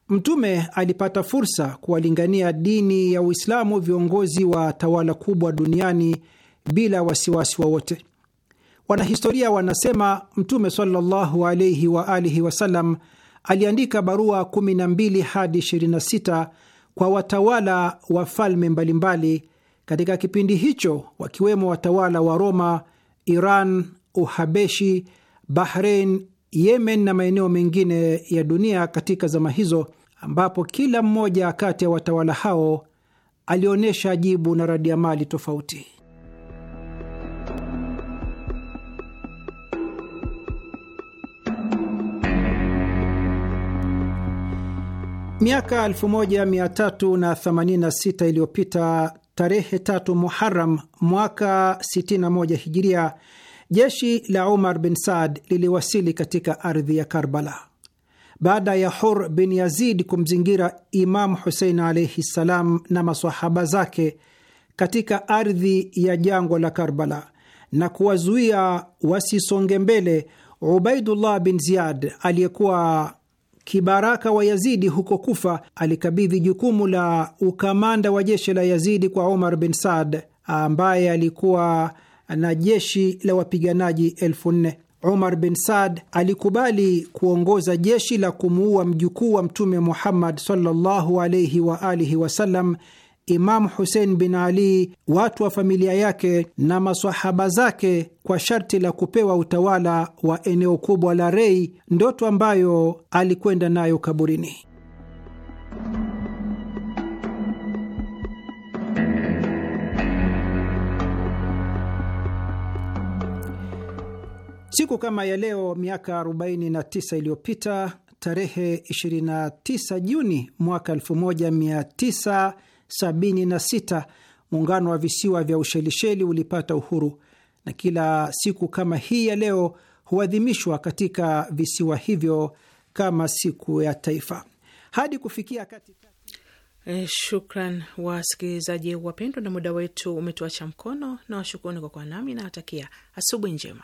Mtume alipata fursa kuwalingania dini ya Uislamu viongozi wa tawala kubwa duniani bila wasiwasi wowote. Wanahistoria wanasema Mtume sallallahu alaihi wa alihi wasallam aliandika barua 12 hadi 26 kwa watawala wa falme mbalimbali katika kipindi hicho, wakiwemo watawala wa Roma, Iran, Uhabeshi, Bahrein, Yemen na maeneo mengine ya dunia katika zama hizo ambapo kila mmoja kati ya watawala hao alionyesha jibu na radiamali tofauti. Miaka 1386 iliyopita tarehe tatu Muharam mwaka 61 hijiria, jeshi la Umar bin Saad liliwasili katika ardhi ya Karbala baada ya Hur bin Yazid kumzingira Imamu Husein alaihi ssalam na masahaba zake katika ardhi ya jangwa la Karbala na kuwazuia wasisonge mbele, Ubaidullah bin Ziyad aliyekuwa kibaraka wa Yazidi huko Kufa alikabidhi jukumu la ukamanda wa jeshi la Yazidi kwa Omar bin Saad ambaye alikuwa na jeshi la wapiganaji elfu nne. Umar bin Saad alikubali kuongoza jeshi la kumuua mjukuu wa Mtume Muhammad sallallahu alaihi wa alihi wasallam Husein bin Ali, watu wa familia yake na masahaba zake kwa sharti la kupewa utawala wa eneo kubwa la Rei, ndoto ambayo alikwenda nayo kaburini. Siku kama ya leo miaka 49 iliyopita, tarehe 29 Juni mwaka 1976 muungano wa visiwa vya Ushelisheli ulipata uhuru, na kila siku kama hii ya leo huadhimishwa katika visiwa hivyo kama siku ya taifa hadi kufikia katika Eh, shukran wasikilizaji wapendwa, na muda wetu umetuacha mkono, na washukuruni kwa kuwa nami, nawatakia asubuhi njema.